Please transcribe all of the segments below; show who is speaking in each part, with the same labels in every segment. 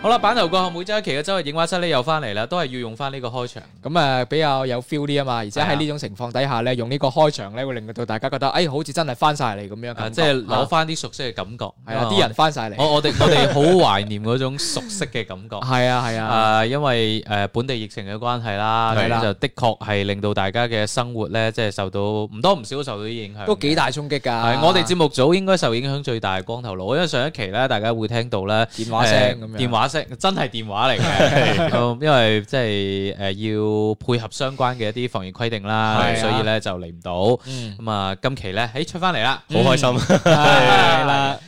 Speaker 1: 好啦，板頭過後每周一期嘅周日映畫室咧又翻嚟啦，都係要用翻呢個開場，咁啊比較有 feel 啲啊嘛，而且喺呢種情況底下咧，用呢個開場咧會令到大家覺得，哎，好似真係翻晒嚟咁樣，即係攞翻啲熟悉嘅感覺，係啊，啲人翻晒嚟，我我哋我哋好懷念嗰種熟悉嘅感覺，係啊係啊，誒，因為誒本地疫情嘅關係啦，就的確係令到大家嘅生活咧，即係受到唔多唔少受到啲影響，都幾大衝擊噶，我哋節目組應該受影響最大係光頭佬，因為上一期咧大家會聽到咧電話聲咁樣，電話。真係電話嚟嘅、 呃，因為即係誒要配合相關嘅一啲防疫規定啦，啊、所以咧就嚟唔到。咁啊、嗯嗯，今期咧誒、欸、出翻嚟啦，好、嗯、開心！ 啦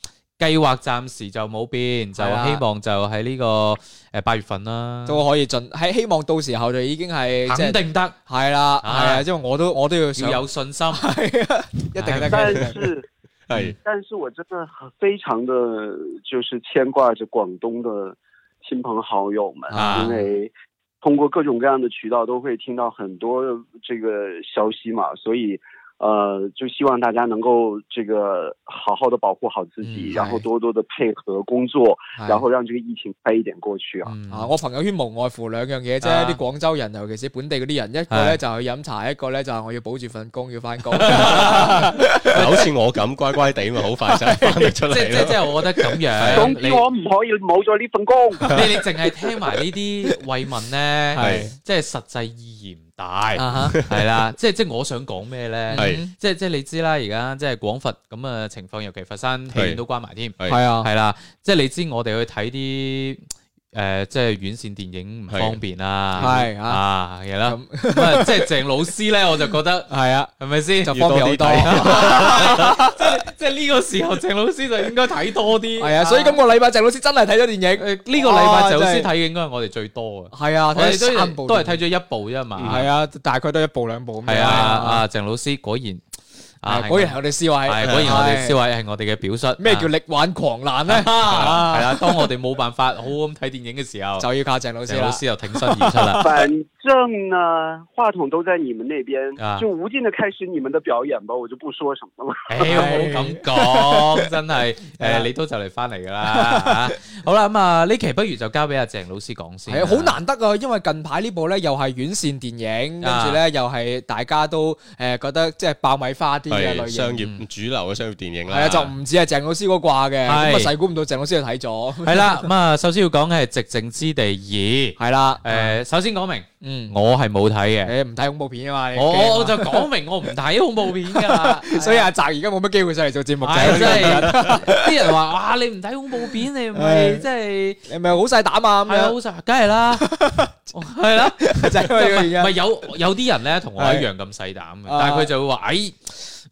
Speaker 1: 計劃暫時就冇變，啊、就希望就喺呢、這個誒八、呃、月份啦，都可以盡。喺希望到時候就已經係肯定
Speaker 2: 得，係啦、就是，係啊，啊啊啊因為我都
Speaker 1: 我都要，要有
Speaker 2: 信心，啊、一定得。但是係，是啊、但是我真的非常的就是牽掛着廣東的親朋好友們，啊、因為通過各種各樣的渠道都會聽到很多這個消息嘛，所以。誒，就希望大家能夠這個好好的保護好自己，然後多多的配合工作，然後讓這個疫情快一點過去啊！啊，我
Speaker 1: 朋友圈無外乎兩樣嘢啫，啲廣州人，尤其是本地嗰啲人，一個咧就去飲茶，一個咧就係我要保住份工，要翻工，
Speaker 3: 好似我咁乖乖地嘛，好快就翻出嚟即即係我覺得咁樣，總之我
Speaker 2: 唔可以冇咗呢份工。你你淨係聽埋呢啲慰問呢，係
Speaker 1: 即係實
Speaker 3: 際意義。
Speaker 1: 大係啦，即係即係我想講咩咧？係即係即係你知啦，而家即係廣佛咁嘅情況，尤其佛山戲院是都關埋添，係是啊，係啦，即係你知我哋去睇啲。誒，即係院線電影唔方便啦，係啊，係啦，即係鄭老師咧，我就覺得係啊，係咪先？就方便啲多，即係呢個時候，鄭老師就應該睇多啲，係啊，所以今個禮拜鄭老師真係睇咗電影，呢個禮拜鄭老師睇嘅應該係我哋最多嘅，係啊，睇都係睇咗一部啫嘛，係啊，大概都係一部兩部，係啊，啊鄭老師果然。啊！果然我哋思偉，果然我哋思偉係我哋嘅表率。咩叫力挽狂瀾咧？係啦，當我哋冇辦法好好咁睇電影嘅時候，就要靠鄭老師。老師又挺身而出啦。反
Speaker 2: 正啊，話筒都在你們呢邊，就無盡嘅開始你們嘅表演吧，我就不說什麼啦。唔好咁
Speaker 1: 講，真係誒，你都就嚟翻嚟噶啦。好啦，咁啊呢期不如就交俾阿鄭老師講先。好難得啊，因為近排呢部咧又係院線電影，跟住咧又係大家都誒覺得即係爆米花啲。商業
Speaker 3: 主流嘅商業電影啦，係啊，就唔
Speaker 1: 止係鄭老師嗰卦嘅，咁啊，誰估唔到鄭老師就睇咗？係啦，咁啊，首先要講嘅係《寂靜之地二》，係啦，誒，首先講明，嗯，我係冇睇嘅，誒，唔睇恐怖片吖嘛，我我就講明我唔睇恐怖片嘅，所以阿澤而家冇乜機會上嚟做節目嘅，真係啲人話哇，你唔睇恐怖片，你咪即係，你咪好細膽啊？係啊，好細，梗係啦，係啦，唔係有有啲人咧同我一樣咁細膽嘅，但係佢就會話誒。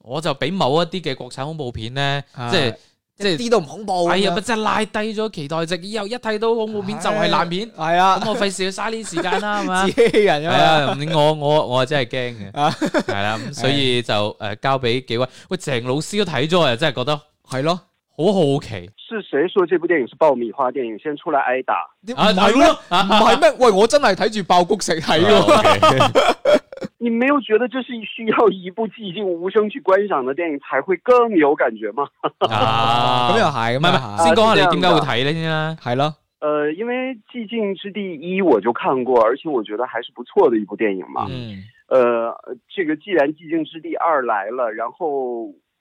Speaker 1: 我就俾某一啲嘅國產恐怖片咧，的即係即係啲都唔恐怖，係啊，咪真係拉低咗期待值。以後一睇到恐怖片就係爛片，係啊，咁我費事要嘥呢時間啦，係咪啊？自欺欺人，係啊，我我我真係驚嘅，係啦， 咁所以就誒交俾幾位喂鄭老師都睇咗啊，真係覺得係咯。好好奇
Speaker 2: 是誰說這部電影是爆米花電影，先出來挨打？唔係咩？
Speaker 1: 唔係咩？喂，我真係睇住爆谷食喺喎。啊、
Speaker 2: 你沒有覺得這是需要一部寂靜無聲去觀賞的電影才會更有感覺嗎？啊，咁又係，咁又係，先講下你點解會睇呢先啦，係咯。呃，因為寂靜之地一我就看過，而且我覺得還是不錯的一部電影嘛。嗯。呃，這個既然寂靜之地二來了，然後。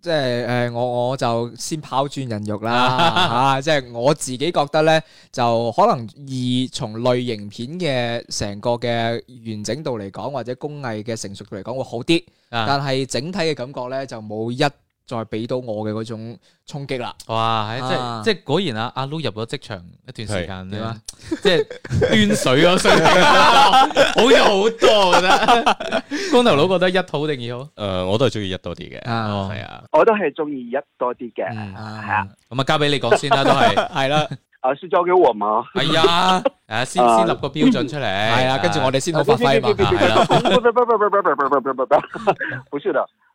Speaker 1: 即係誒、呃，我我就先拋磚引玉啦吓，即係、 啊就是、我自己覺得咧，就可能二從類型片嘅成個嘅完整度嚟講，或者工藝嘅成熟度嚟講會好啲， 但係整體嘅感覺咧就冇一。再俾到我嘅嗰種衝擊啦！哇，係即即果然啊，阿 Lu 入咗職場一段時間咧，即端水嗰身，好有好
Speaker 2: 多。我覺得光頭
Speaker 3: 佬
Speaker 1: 覺得一好定二好？
Speaker 3: 誒，我都係中意一多啲嘅。係啊，我都係中意一
Speaker 2: 多啲嘅。係
Speaker 3: 啊，咁啊交俾你講先啦，都係係啦。
Speaker 2: 啊，先交俾我嘛。係啊，誒，先先立個標準出嚟。係啊，跟住我哋先好發揮嘛。不不不不不不不不不不不，不是的。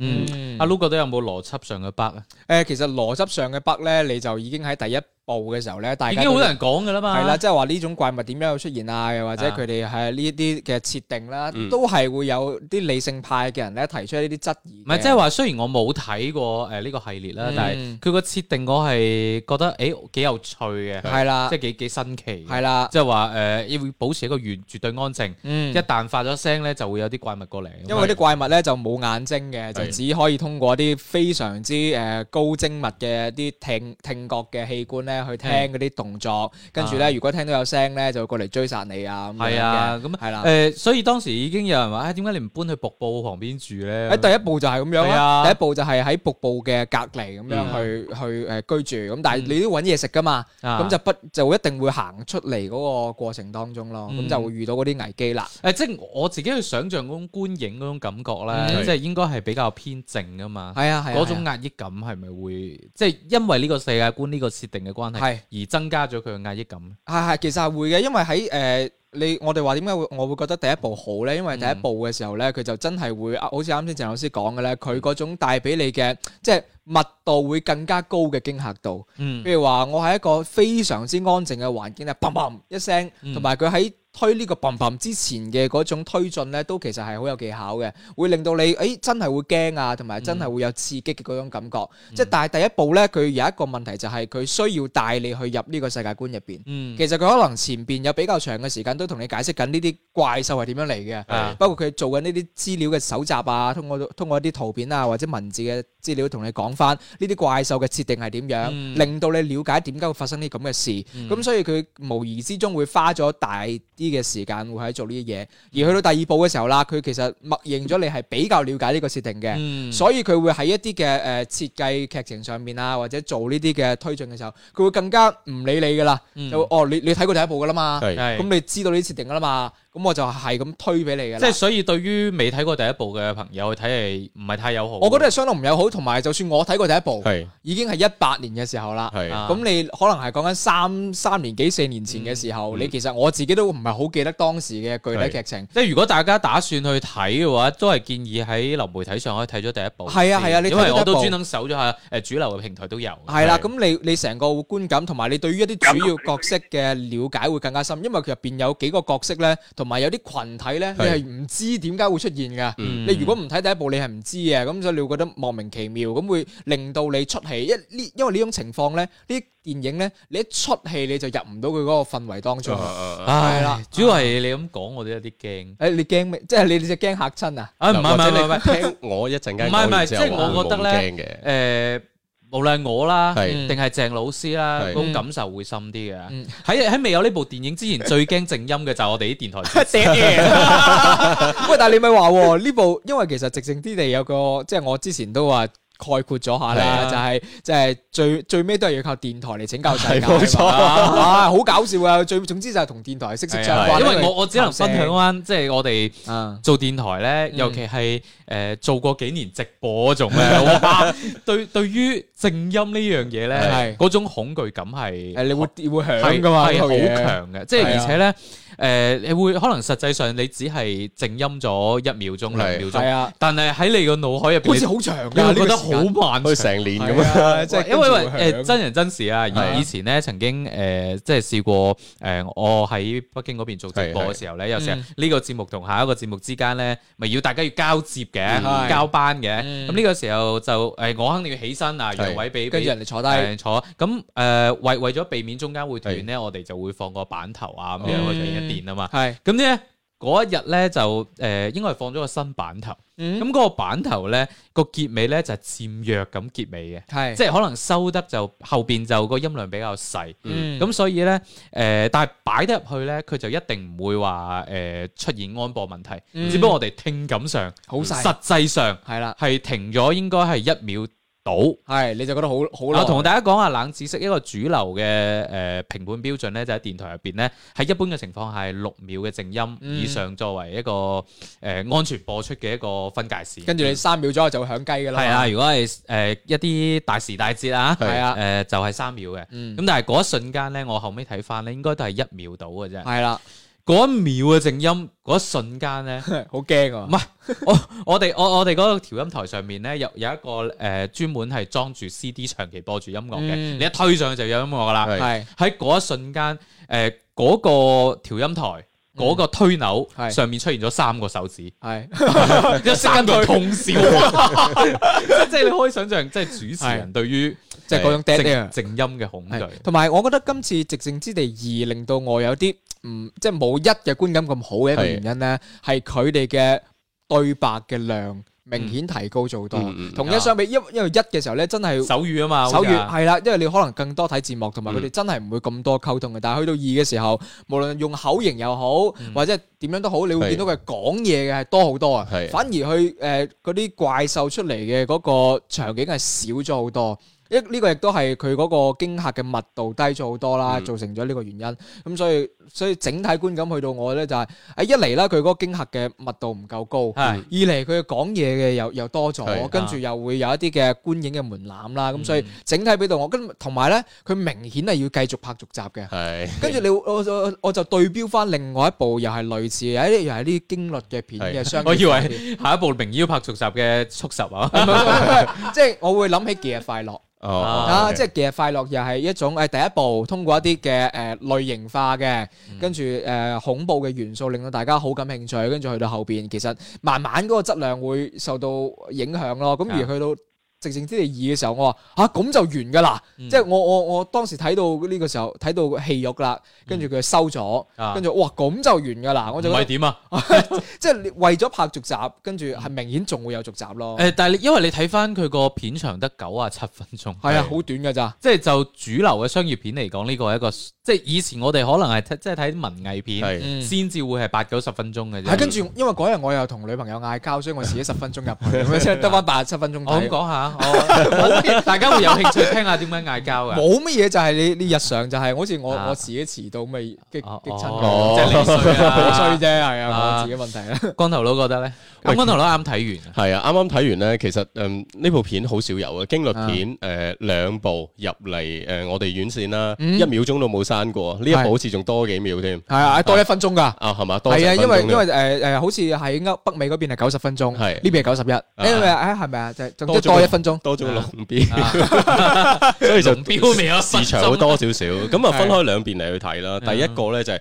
Speaker 2: 嗯，阿 Lu
Speaker 1: 覺得有冇邏輯上嘅 bug 啊？誒，其實邏輯上嘅 bug 咧，你就已經喺第一步嘅時候咧，大家已經好多人講噶啦嘛。係啦，即係話呢種怪物點樣會出現啊？又或者佢哋係呢啲嘅設定啦，都係會有啲理性派嘅人咧提出呢啲質疑。唔係，即係話雖然我冇睇過誒呢個系列啦，但係佢個設定我係覺得誒幾有趣嘅，係啦，即係幾幾新奇，係啦，即係話誒要保持一個完絕對安靜，一旦發咗聲咧就會有啲怪物過嚟。因為啲怪物咧就冇眼睛嘅。只可以通過一啲非常之誒高精密嘅啲聽聽覺嘅器官咧，去聽嗰啲動作，跟住咧，如果聽到有聲咧，就會過嚟追殺你啊！咁係啊，咁係啦。誒，所以當時已經有人話：點解你唔搬去瀑布旁邊住咧？誒，第一步就係咁樣啦。第一步就係喺瀑布嘅隔離咁樣去去誒居住。咁但係你都揾嘢食㗎嘛？咁就不就一定會行出嚟嗰個過程當中咯。咁就會遇到嗰啲危機啦。誒，即係我自己去想像嗰種觀影嗰種感覺咧，即係應該係比較。偏靜啊嘛，係啊係嗰種壓抑感係咪會即係、啊、因為呢個世界觀呢個設定嘅關係，係而增加咗佢嘅壓抑感？係係、啊，其實係會嘅，因為喺誒、呃、你我哋話點解會我會覺得第一部好咧？因為第一部嘅時候咧，佢就真係會好似啱先鄭老師講嘅咧，佢嗰種帶俾你嘅即係密度會更加高嘅驚嚇度。譬、嗯、如話我喺一個非常之安靜嘅環境咧，砰砰一聲，同埋佢喺。推呢個嘭嘭之前嘅嗰種推進咧，都其實係好有技巧嘅，會令到你誒、欸、真係會驚啊，同埋真係會有刺激嘅嗰種感覺，即係、嗯、但係第一步咧，佢有一個問題就係、是、佢需要帶你去入呢個世界觀入邊，嗯、其實佢可能前邊有比較長嘅時間都同你解釋緊呢啲怪獸係點樣嚟嘅。包括佢做緊呢啲資料嘅搜集啊，通過通過一啲圖片啊或者文字嘅資料同你講翻呢啲怪獸嘅設定係點樣、嗯、令到你了解點解會發生啲咁嘅事。咁、嗯、所以佢無意之中會花咗大嘅時間會喺做呢啲嘢，而去到第二部嘅時候啦，佢其實默認咗你係比較了解呢個設定嘅，嗯、所以佢會喺一啲嘅誒設計劇情上面啊，或者做呢啲嘅推進嘅時候，佢會更加唔理你噶啦，嗯、就哦你你睇過第一部噶啦嘛，咁是你知道呢啲設定噶啦嘛。咁我就係咁推俾你嘅。即係，所以對於未睇過第一部嘅朋友去睇係唔係太友好？我覺得係相當唔友好。同埋就算我睇過第一部，是已經係一八年嘅時候啦。係咁、啊、你可能係講緊三三年幾四年前嘅時候，嗯、你其實我自己都唔係好記得當時嘅具體劇情。即係如果大家打算去睇嘅話，都係建議喺流媒體上可以睇咗第一部。係啊係啊，啊你因為我都專登搜咗下，誒主流嘅平台都有。係啦，咁你你成個觀感同埋你對於一啲主要角色嘅了解會更加深，因為佢入邊有幾個角色咧同。同埋有啲羣體咧，你係唔知點解會出現嘅。你如果唔睇第一部，你係唔知嘅。咁所以你會覺得莫名其妙，咁會令到你出戲。一呢，因為呢種情況咧，呢電影咧，你一出戲你就入唔到佢嗰個氛圍當中。係啦，主要係你咁講，我都有啲驚。誒，你驚咩？即係你你只驚嚇親啊？唔係，唔係，聽我一陣間講嘅時候，我冇驚嘅。誒。無論我啦，定係鄭老師啦，是都感受會深啲嘅。喺喺、嗯、未有呢部電影之前， 最驚靜音嘅就係我哋啲電台。喂，但係你咪話呢部，因為其實寂靜之地有個，即係我之前都話。概括咗下啦，就係即係最最尾都係要靠電台嚟拯救世界，冇錯，啊好搞笑啊！最總之就係同電台息息相關，因為我我只能分享翻即係我哋做電台咧，尤其係誒做過幾年直播嗰種咧，對對於靜音呢樣嘢咧，嗰種恐懼感係誒，你會跌會響㗎嘛，係好強嘅，即係而且咧。誒，你會可能實際上你只係靜音咗一秒鐘兩秒鐘，係啊，但係喺你個腦海入邊好似好長㗎，你覺得好慢，去成年咁樣！即係因為誒真人真事啊，而以前咧曾經誒即係試過誒，我喺北京嗰邊做直播嘅時候咧，有時候呢個節目同下一個節目之間咧，咪要大家要交接嘅，交班嘅。咁呢個時候就誒，我肯定要起身啊，讓位俾跟住人哋坐低坐。咁誒，為為咗避免中間會斷咧，我哋就會放個板頭啊咁樣。年啊嘛，係咁咧，嗰一日咧就誒、呃，應該係放咗個新版頭，咁嗰、嗯、個版頭咧個結尾咧就係、是、漸弱咁結尾嘅，係是即係可能收得就後邊就個音量比較細，咁、嗯、所以咧誒、呃，但係擺得入去咧，佢就一定唔會話誒、呃、出現安播問題，嗯、只不過我哋聽感上好細，小實際上係啦，係了停咗應該係一秒。到係你就覺得好好啦。同大家講下冷知識一個主流嘅誒、呃、評判標準咧，就喺、是、電台入邊咧，喺一般嘅情況係六秒嘅靜音、嗯、以上作為一個誒、呃、安全播出嘅一個分界線。跟住你三秒左右就會響雞㗎啦。係啊，如果係誒、呃、一啲大時大節啊，係啊，誒、啊、就係、是、三秒嘅。咁、嗯、但係嗰一瞬間咧，我後尾睇翻咧，應該都係一秒到嘅啫。係啦、啊。嗰一秒嘅靜音，嗰一瞬間呢，好驚 怕啊！ 唔係我我哋我我哋嗰個調音台上面呢，有有一個誒專門係裝住 CD 長期播住音樂嘅，嗯、你一推上去就有音樂噶啦。係喺嗰一瞬間，誒、呃、嗰個調音台。嗰、嗯、個推扭上面出現咗三個手指，一是 三個通宵，即係 你可以想象，即、就、係、是、主持人對於即係嗰種靜靜音嘅恐懼。同埋是，我覺得今次《寂靜之地二》令到我有啲唔即係冇一嘅觀感咁好嘅一個原因咧，係佢哋嘅對白嘅量。明顯提高咗好多，嗯嗯、同一相比，因、啊、因為一嘅時候咧，真係手語啊嘛，手語係啦、啊，因為你可能更多睇字幕，同埋佢哋真係唔會咁多溝通嘅。嗯、但係去到二嘅時候，無論用口型又好，嗯、或者點樣都好，你會見到佢講嘢嘅係多好多啊。係嘅、反而佢誒嗰啲怪獸出嚟嘅嗰個場景係少咗好多。一呢個亦都係佢嗰個驚嚇嘅密度低咗好多啦，造成咗呢個原因。咁所以所以整體觀感去到我咧就係，誒一嚟咧佢嗰個驚嚇嘅密度唔夠高，二嚟佢講嘢嘅又又多咗，跟住又會有一啲嘅觀影嘅門檻啦。咁所以整體俾到我跟同埋咧，佢明顯係要繼續拍續集嘅。係，跟住你我我我就對標翻另外一部又係類似，有啲又係啲驚慄嘅片嘅相。我以為下一部名優拍續集嘅續集啊，即係我會諗起《忌日快樂》。哦、oh, okay. 啊，即係其實快樂又係一種誒，第一步通過一啲嘅誒類型化嘅，跟住誒、呃、恐怖嘅元素，令到大家好感興趣，跟住去到後邊，其實慢慢嗰個質量會受到影響咯。咁而去到。寂靜之地二嘅時候，我話吓咁就完噶啦，嗯、即係我我我當時睇到呢個時候，睇到戲肉啦，跟住佢收咗，跟住、嗯、哇咁就完噶啦，我就唔係點啊， 即係為咗拍續集，跟住係明顯仲會有續集咯。誒，但係因為你睇翻佢個片長得九十七分鐘，係啊，好短噶咋，即係就主流嘅商業片嚟講，呢，這個係一個。即係以前我哋可能係即係睇啲文藝片，先至會係八九十分鐘嘅啫。跟住，因為嗰日我又同女朋友嗌交，所以我遲咗十分鐘入去，得翻八十七分鐘睇。我講下，大家會有興趣聽下點樣嗌交嘅。冇乜嘢，就係你呢日常就係，好似我我遲咗遲到咪激激親好衰衰啫，係啊，自己問題
Speaker 3: 啦。光頭佬覺得咧，我光頭佬啱睇完，係啊，啱啱睇完咧，其實嗯呢部片好少有嘅驚慄片，誒兩部入嚟誒我哋院線啦，一秒鐘都冇曬。翻過啊！呢一步好似仲多幾秒添，係啊，多一分鐘噶，啊係嘛，係啊，因為因為
Speaker 1: 誒誒、呃，好似喺北美嗰邊係九十分鐘，係呢邊係九十一，因為誒係咪啊，就多多一分鐘，多咗龍標，所以就表秒市場會多少少，咁啊分開兩
Speaker 3: 邊嚟去睇啦。第一個咧就係、是。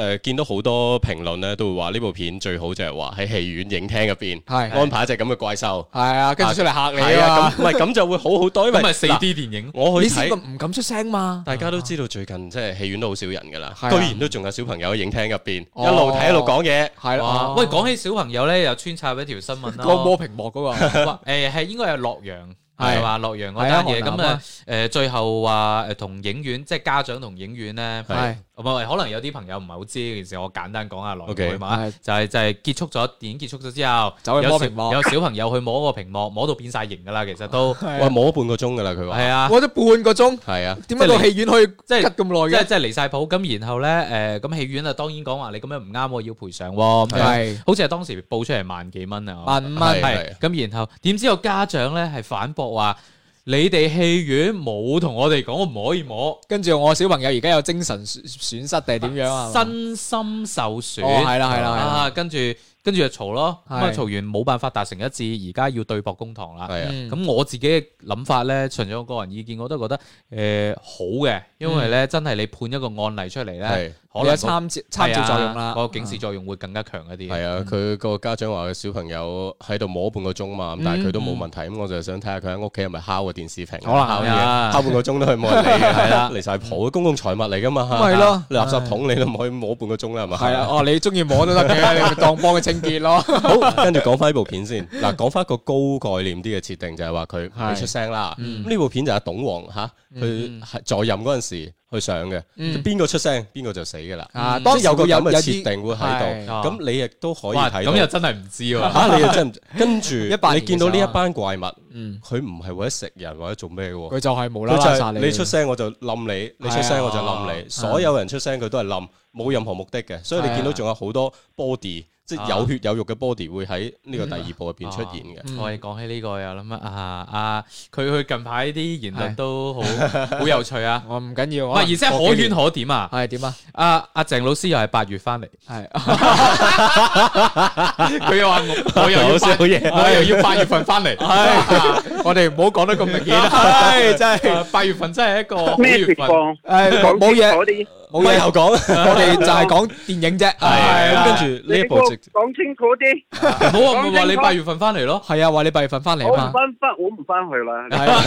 Speaker 3: 誒，見到好多評論咧，都會話呢部片最好就係話喺戲院影廳入邊安排一隻咁嘅怪獸，係啊，
Speaker 1: 跟住出嚟嚇你啊，唔係咁就會好好多，因為四 D 電影，我去睇唔敢出聲嘛。
Speaker 3: 大家都知道最近即係戲院都好少人噶啦，居然都仲有小朋友喺影廳入邊一路睇一路講嘢，係啦。喂，
Speaker 1: 講起小朋友咧，又穿插一條新聞啦，摸摸屏幕嗰個，誒，係應該係洛陽，係話洛陽嗰單嘢。咁啊，誒，最後話誒，同影院即係家長同影院咧。可能有啲朋友唔係好知呢件事，我簡單講下來。就係就係結束咗電影結束咗之後，有屏幕有小朋友去摸個屏幕，摸到變晒形噶啦。其實都哇摸
Speaker 3: 半個鐘噶啦，佢話係
Speaker 1: 啊，摸咗半個鐘係啊。點解到戲院可以即係咁耐？即係即係離晒譜。咁然後咧，誒咁戲院啊，當然講話你咁樣唔啱，要賠償喎。係，好似係當時報出嚟萬幾蚊啊，萬五蚊係。咁然後點知個家長咧係反駁話。你哋戲院冇同我哋講，我唔可以摸。跟住我小朋友而家有精神損失定係點樣啊？身心受損，係啦係啦係啦，跟住。跟住就嘈咯，咁啊嘈完冇辦法達成一致，而家要對簿公堂啦。咁我自己嘅諗法咧，純粹個人意見，我都覺得誒好嘅，因為咧真係你判一個案例出嚟
Speaker 3: 咧，可參照參照作用
Speaker 1: 啦，個警示作用會更加強一啲。係啊，佢
Speaker 3: 個家長話：佢小朋友喺度摸半個鐘嘛，但係佢都冇問題。咁我就想睇下佢喺屋企係咪敲個電視屏，可能敲嘢，敲半個鐘都係冇問題，係啦，離曬譜，公共財物嚟噶嘛。咪係咯，垃圾桶你都唔可以摸半個鐘啦，係嘛？係啊，哦，你中意摸都得嘅，當幫佢咯，好，跟住講翻呢部片先。嗱，講翻一個高概念啲嘅設定，就係話佢出聲啦。呢部片就阿董王吓，佢在任嗰陣時去上嘅。邊個出聲，邊個就死嘅啦。當有個人嘅設定會喺度。咁你亦都可以睇到。咁又真係唔知啊！吓，你又真。唔跟住，你見到呢一班怪物，佢唔係為咗食人或者做咩嘅。佢就係冇啦啦殺你。你出聲我就冧你，你出聲我就冧你。所有人出聲佢都係冧，冇任何目的嘅。所以你見到仲有好多 body。即係有血有肉嘅 body 會喺呢個第二部入邊出現嘅。我哋
Speaker 1: 講起呢個又諗啊啊！佢去近排啲言論都好好有趣啊。我唔緊要。唔係，而且可圈可點啊。係點啊？阿阿鄭老師又係八月翻嚟。係。
Speaker 3: 佢又話：我我又要好嘢，我又要八月
Speaker 1: 份翻嚟。我哋唔好講得咁明顯。係真係。
Speaker 3: 八月份真係一個咩月份？誒講冇嘢。
Speaker 1: 冇我又講，我哋就係講電影啫，係跟住呢一部
Speaker 2: 講清楚啲。唔好話你八
Speaker 1: 月份翻嚟咯，係啊，話你八月份翻嚟。我唔翻，
Speaker 2: 我唔翻去啦。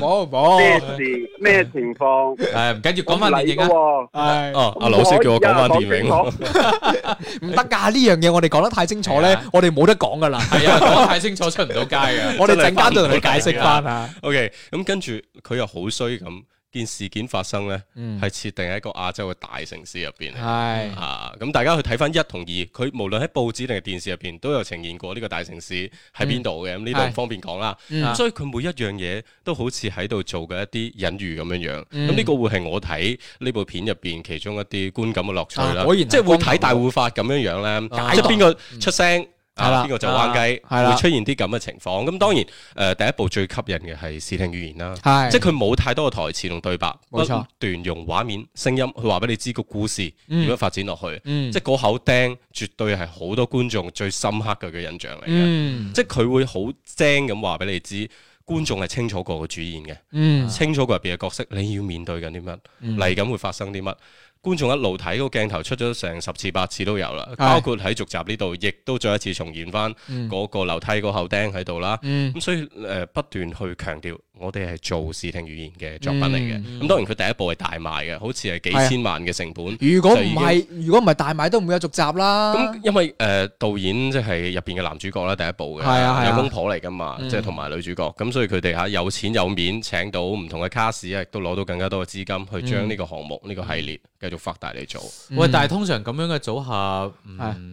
Speaker 2: 冇冇冇。咩事？咩情況？誒，唔緊要，講翻電影哦，
Speaker 3: 阿老師叫我講翻電影。
Speaker 1: 唔得噶，呢樣嘢我哋講得太清楚咧，我哋冇得講噶啦。係啊，
Speaker 3: 講得太清楚出唔到街啊。我哋陣間都同你解釋翻吓。OK，咁跟住佢又好衰咁。件事件發生呢，係設定喺一個亞洲嘅大城市入邊。係是啊，咁、嗯、大家去睇翻一同二，佢無論喺報紙定係電視入邊，都有呈現過呢個大城市喺邊度嘅。咁呢度方便講啦，嗯、所以佢每一樣嘢都好似喺度做嘅一啲隱喻咁樣樣。咁呢個會係我睇呢部片入邊其中一啲觀感嘅樂趣啦。即係、啊、會睇大護法咁樣樣呢？即係邊個出聲。答啊！邊個就彎雞？係啦、啊，會出現啲咁嘅情況。咁、啊、當然，誒、呃、第一部最吸引嘅係視聽語言啦。係是，即係佢冇太多嘅台詞同對白，不斷用畫面、聲音，去話俾你知個故事點樣發展落去。嗯嗯、即係嗰口釘絕對係好多觀眾最深刻嘅嘅印象嚟嘅。嗯、即係佢會好精咁話俾你知，觀眾係清楚過個主演嘅，嗯，清楚過入邊嘅角色，你要面對緊啲乜，嚟緊、嗯、會發生啲乜。觀眾一路睇、嗰個鏡頭出咗成十次八次都有啦，的包括喺續集呢度，亦都再一次重現翻嗰個樓梯嗰後釘喺度啦。咁、嗯、所以、呃、不斷去強調。我哋係做視聽語言嘅作品嚟嘅，咁當然佢第一部係大賣嘅，好似係幾千萬嘅成本。如果唔係，
Speaker 1: 如果唔係大賣，都唔會有續集啦。咁
Speaker 3: 因為誒導演即係入邊嘅男主角啦，第一部嘅兩公婆嚟噶嘛，即係同埋女主角，咁所以佢哋吓有錢有面，請到唔同嘅卡士亦都攞到更加多嘅資金去將呢個項目呢個系列繼續發大嚟做。喂，但係通常咁樣嘅組合，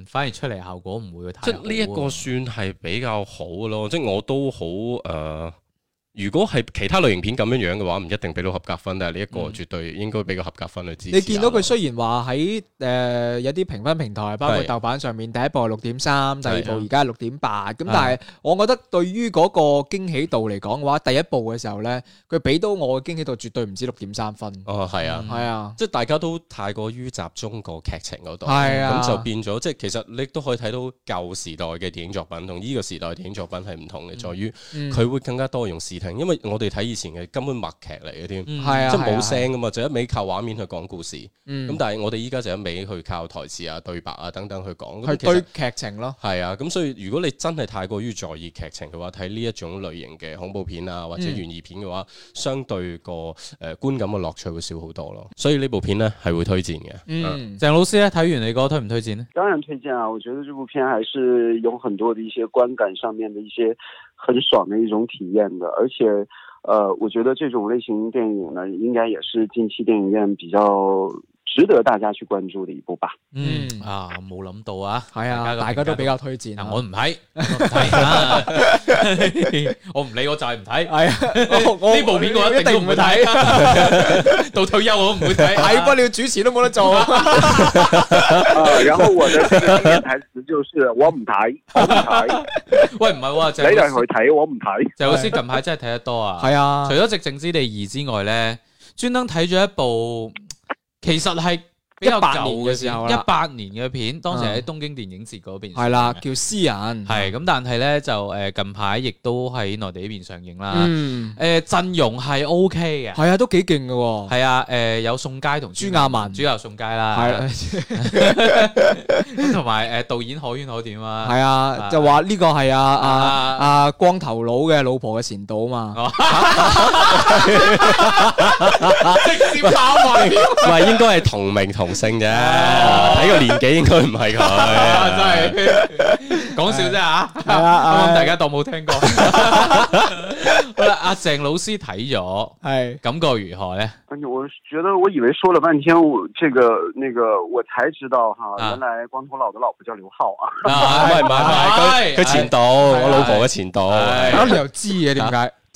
Speaker 3: 反而出嚟效果唔會太即呢一個算係比較好咯，即係我都好誒。如果係其他類型片咁樣樣嘅話，唔一定俾到合格分，但係呢一個絕對應該俾個合格分去支持。你見到
Speaker 1: 佢雖然話喺誒有啲評分平台，包括豆瓣上面的第一部係六點三，第二部而家係六點八，咁但係我覺得對於嗰個驚喜度嚟講嘅話，第一部嘅時候呢，佢俾到我嘅驚喜度絕對唔止六點三分。哦，係啊，
Speaker 3: 係啊、嗯，的即係大家都太過於集中個劇情嗰度，咁的就變咗即係其實你都可以睇到舊時代嘅電影作品同依個時代電影作品係唔同嘅，在於佢會更加多用視因為我哋睇以前嘅根本默劇嚟嘅添，嗯、即係冇聲噶嘛，嗯、就一味靠畫面去講故事。咁、嗯、但係我哋依家就一味去靠台詞啊、對白啊等等去講。係對劇情咯。係啊，咁所以如果你真係太過於在意劇情嘅話，睇呢一種類型嘅恐怖片啊或者懸疑片嘅話，嗯、相對個誒觀感嘅樂趣會少好多咯。所以呢部片咧係會推薦嘅。嗯，鄭、嗯、老師咧睇完你個推唔推薦
Speaker 2: 呢？當然推薦啊，我覺得呢部片還是有很多的一些觀感上面的一些。很爽的一種體驗的，而且，呃，我覺得這種類型電影呢，應該也是近期電影院比較值得大家去關注的一部
Speaker 1: 吧。嗯啊，冇諗到啊，係啊，大家都比較推薦，我唔睇，我唔睇。我唔理，我就係唔睇。係啊，呢部片嘅話一定唔會睇，到退休我唔會睇，睇不了主持都冇得做
Speaker 2: 啊。然後我的經典台詞
Speaker 1: 就是我唔睇，我唔睇。喂，唔係，你哋去睇，我唔睇。鄭老師近排真係睇得多啊，係啊，除咗《寂靜之地二》之外咧，專登睇咗一部。其實係。比較舊嘅時候一八年嘅片，當時喺東京電影節嗰邊係啦，叫《詩人》係咁，但係咧就誒近排亦都喺內地呢邊上映啦。誒陣容係 O K 嘅，係啊都幾勁嘅。係啊，誒有宋佳同朱亞文，主要宋佳啦，同埋誒導演可圈可點啊？係啊，就話呢個係啊，阿阿光頭佬嘅老婆嘅前度啊嘛，
Speaker 2: 直
Speaker 3: 接炒埋，唔係應該係同名同。明星睇個年紀應該唔係佢，真係
Speaker 1: 講笑啫吓，大家當冇聽過。好，阿鄭老師睇咗，係感覺如何咧？
Speaker 2: 我覺得我以為說了半天，我這個那個我才知道哈，原來光頭佬嘅老婆叫劉浩啊，唔係
Speaker 3: 唔係唔係，佢前度，我老婆嘅前度，咁你又知嘅點解？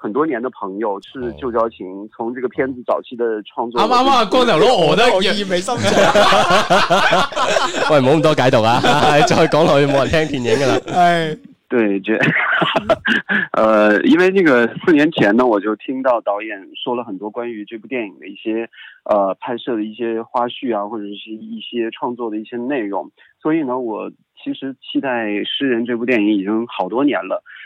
Speaker 2: 很多年的朋友是舊交情，從這個片子早期的創作。阿媽媽光頭佬，我都已經沒上
Speaker 3: 過。喂，唔好咁多解讀
Speaker 2: 啊！再講落去，冇人聽電影噶啦。哎，對，這， 呃，因為那個四年前呢，我就聽到導演說了很多關於這部電影的一些呃拍攝的一些花絮啊，或者是一些創作的一些內容。所以呢，我其實期待《詩人》這部電影已經好多年了。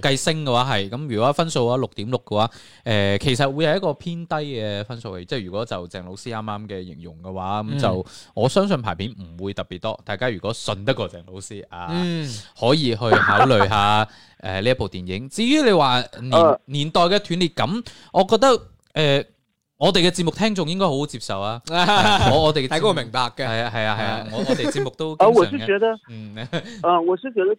Speaker 1: 計升嘅話係咁，如果分數嘅六點六嘅話，誒、呃，其實會係一個偏低嘅分數嚟。即係如果就鄭老師啱啱嘅形容嘅話，咁、嗯、就我相信排片唔會特別多。大家如果信得過鄭老師啊，嗯、可以去考慮下誒呢、 呃、一部電影。至於你話年年代嘅斷裂感，我覺得誒、呃，我哋嘅節目聽眾應該好好接受啊。 啊我我哋睇過明白嘅、啊，係啊係啊係啊。我我哋節目都。我就覺得，嗯嗯，我是覺得。啊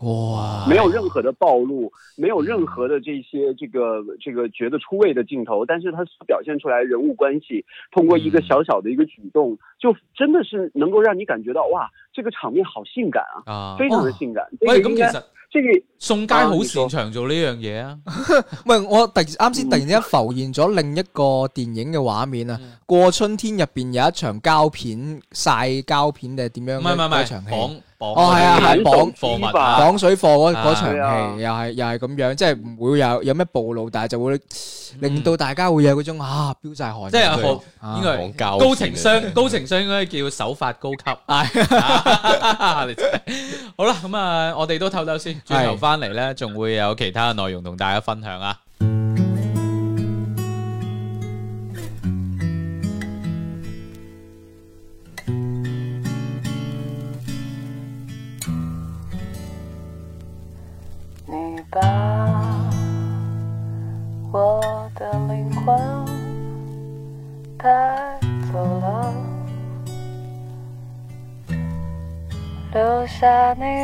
Speaker 4: 哇！沒有
Speaker 2: 任何的暴露，沒有任何的這些這個這個覺得出位的鏡頭，但是它表現出來人物關係，通過一個小小的一個舉動，嗯、就真的是能夠讓你感覺到哇，這個場面好性感啊，非常的性感。啊所以哦喂嗯、這個應該，這個宋佳好擅長做呢樣嘢啊。喂、啊， 我
Speaker 1: 第啱先突然間浮現咗另一個電影嘅畫面啊，嗯《過春天》入邊有一場膠片晒膠片定係點樣嘅一場戲。哦，係啊，係綁貨物、綁水貨嗰嗰場戲，啊、又係又係咁樣，即係唔會有有咩暴露，但係就會令到大家會有嗰種啊飆晒汗，即係、嗯啊、應該高情商、啊啊、高情商應該叫手法高級。好啦，咁啊，我哋都透透先，轉頭翻嚟咧，仲會有其他內容同大家分享啊。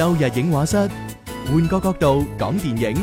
Speaker 2: 周日映畫室，換個角度講電影。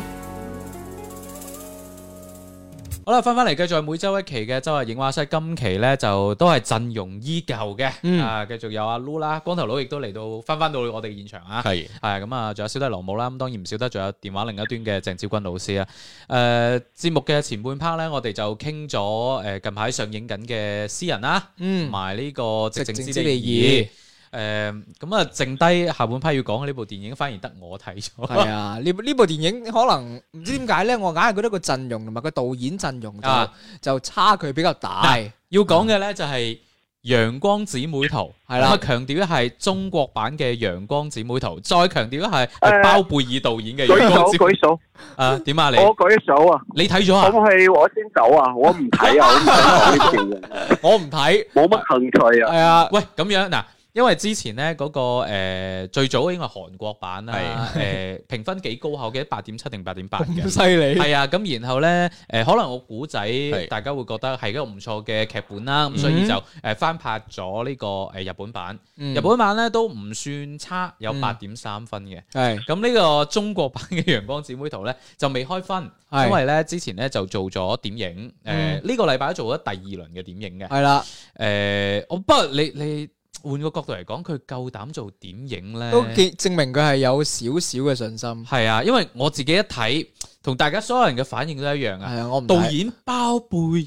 Speaker 1: 好啦，翻翻嚟，繼續每周一期嘅周日映畫室。今期咧就都係陣容依舊嘅，啊，繼續有阿 Lu 啦，光頭佬亦都嚟到翻翻到我哋現場啊，係，係咁啊，仲有小弟羅姆啦，咁當然唔少得，仲有電話另一端嘅鄭昭君老師啊。誒，節目嘅前半 part 咧，我哋就傾咗誒近排上映緊嘅《詩人》啦，嗯，同埋呢個《寂靜之地二》。誒，咁啊，剩低下半批要講嘅呢部電影，反而得我睇咗。係啊，呢呢部電影可能唔知點解咧，我硬係覺得個陣容同埋個導演陣容啊，就差距比較大。要講嘅咧就係《陽光姐妹淘》，係啦，強調一係中國版嘅《陽光姐妹淘》，再強調一係包貝爾導演嘅。舉手，舉手。啊，點啊？你我
Speaker 2: 舉手啊？你睇咗啊？咁係我先走啊？我唔睇啊！我唔睇，冇乜興趣
Speaker 1: 啊。係啊，喂，咁樣嗱。因為之前咧嗰個誒最早應該係韓國版啦，誒評分幾高下嘅，八點七定八點八嘅，犀利係啊。咁然後咧誒可能我估仔大家會覺得係一個唔錯嘅劇本啦，咁所以就誒翻拍咗呢個誒日本版，日本版咧都唔算差，有八點三分嘅。係咁呢個中國版嘅《陽光姐妹淘》咧就未開分，因為咧之前咧就做咗點映，誒呢個禮拜都做咗第二輪嘅點映嘅。係啦，誒我不如你你。換個角度嚟講，佢夠膽做電影咧，都幾證明佢係有少少嘅信心。係啊，因為我自己一睇，同大家所有人嘅反應都一樣啊。係啊，我唔。導演包貝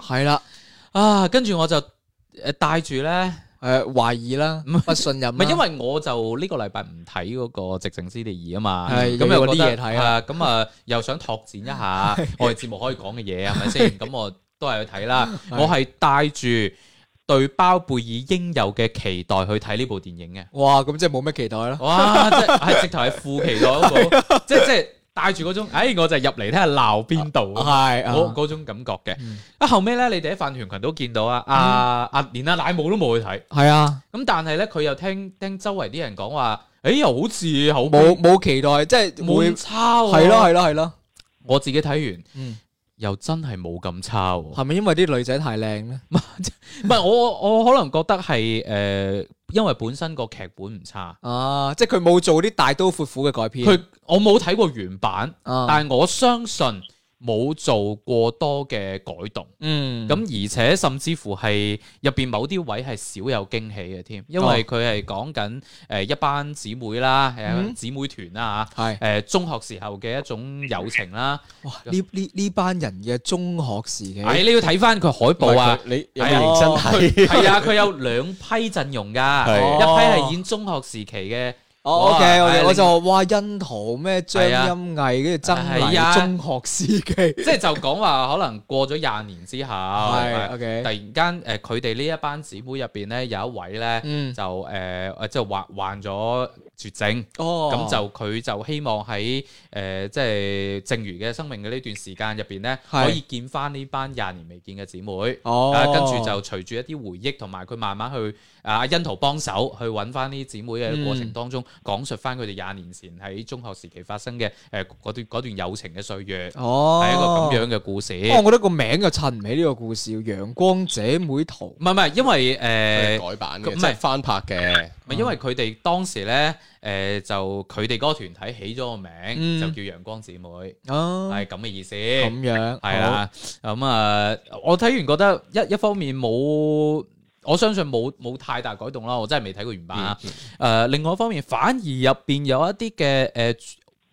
Speaker 1: 爾係啦，啊，跟住、啊、我就誒帶住咧誒懷疑啦，唔係信任。唔係因為我就呢個禮拜唔睇嗰個《寂靜之地二》啊嘛，咁又覺啊。咁 啊，又想拓展一下我哋節目可以講嘅嘢係咪先？咁我都係去睇啦。 是我係帶住。對包貝爾應有嘅期待去睇呢部電影嘅，哇！咁即係冇咩期待咯，哇！即係直頭係負期待，即係即係帶住嗰種，哎，我就入嚟睇下鬧邊度，係我嗰種感覺嘅。啊，後尾咧，你哋喺飯團群都見到啊，阿阿連阿奶母都冇去睇，係啊。咁但係咧，佢又聽聽周圍啲人講話，誒，又好似好冇冇期待，即係冇差，係咯係咯係咯。我自己睇完，嗯。又真係冇咁差。哦，係咪因為啲女仔太靚咧？唔係 我我可能覺得係誒、呃，因為本身個劇本唔差啊，即係佢冇做啲大刀闊斧嘅改編。佢我冇睇過原版，啊，但係我相信。冇做過多嘅改動，嗯，咁而且甚至乎係入邊某啲位係少有驚喜嘅添，因為佢係講緊誒一班姊妹啦，姊妹團啦嚇，係誒中學時候嘅一種友情啦。
Speaker 2: 哇！呢呢
Speaker 1: 呢班人嘅中學時期，誒你要睇返佢海報啊，你要認真睇。係啊，佢有兩批陣容㗎，一批係演中學時期嘅。我、oh, OK，, okay.、Uh, 我就話：，哇、uh,，殷桃咩張歆藝，跟住曾黎中學時期，uh, 即係就講話可能過咗廿年之後，係、 uh, OK，突然間誒，佢哋呢一班姊妹入邊咧，有一位咧、嗯呃，就誒，即係患患咗絕症，咁、哦、就佢就希望喺誒，即係剩餘嘅生命嘅呢段時間入邊咧，是可以見翻呢班廿年未見嘅姊妹。哦，跟住、啊、就隨住一啲回憶同埋佢慢慢去啊，阿欣圖幫手去揾翻呢姊妹嘅過程當中，嗯、講述翻佢哋廿年前喺中學時期發生嘅誒嗰段嗰段友情嘅歲月。哦，係一個咁樣嘅故事、哦。我覺得個名就襯唔起呢個故事。陽光姐妹淘，唔係唔係，因為誒、呃、改版嘅，即係翻拍嘅。是因為佢哋當時呢，誒、呃、就佢哋嗰個團體起咗個名，嗯、就叫陽光姐妹，係咁嘅意思。咁樣，係啊，咁啊、嗯呃，我睇完覺得一一方面冇，我相信冇冇太大改動啦。我真係未睇過原版啊。誒、嗯嗯呃，另外一方面反而入邊有一啲嘅誒。呃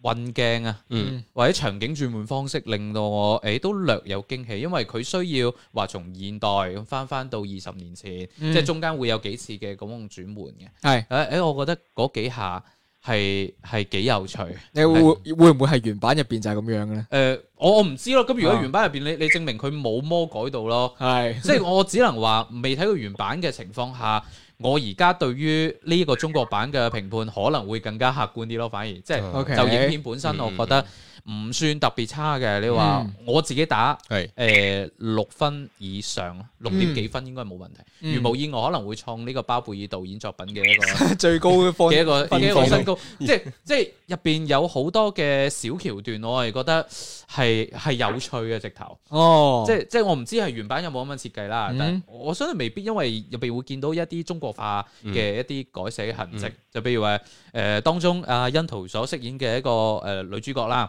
Speaker 1: 運鏡啊，嗯、或者場景轉換方式令到我誒、欸、都略有驚喜，因為佢需要話從現代翻翻到二十年前，嗯、即係中間會有幾次嘅咁樣轉換嘅。係誒是，誒、欸，我覺得嗰幾下係係幾有趣。你會是會唔會係原版入邊就係咁樣嘅咧？誒、呃，我我唔知咯。咁如果原版入邊，啊、你你證明佢冇魔改到咯？係是，即係我只能話未睇過原版嘅情況下。我而家對於呢個中國版嘅評判可能會更加客觀啲咯，反而，即係 Okay. 就影片本身，我覺得。Okay. Okay. 唔算特別差嘅，你話我自己打，誒六分以上，六點幾分應該冇問題。如無意外，可能會創呢個包貝爾導演作品嘅一個最高嘅一個嘅新高。即係即係入邊有好多嘅小橋段，我係覺得係係有趣嘅直頭。
Speaker 4: 哦，即係
Speaker 1: 即係我唔知係原版有冇咁樣設計啦，但係我相信未必，因為入邊會見到一啲中國化嘅一啲改寫嘅痕跡，就譬如話誒當中阿恩圖所飾演嘅一個誒女主角啦。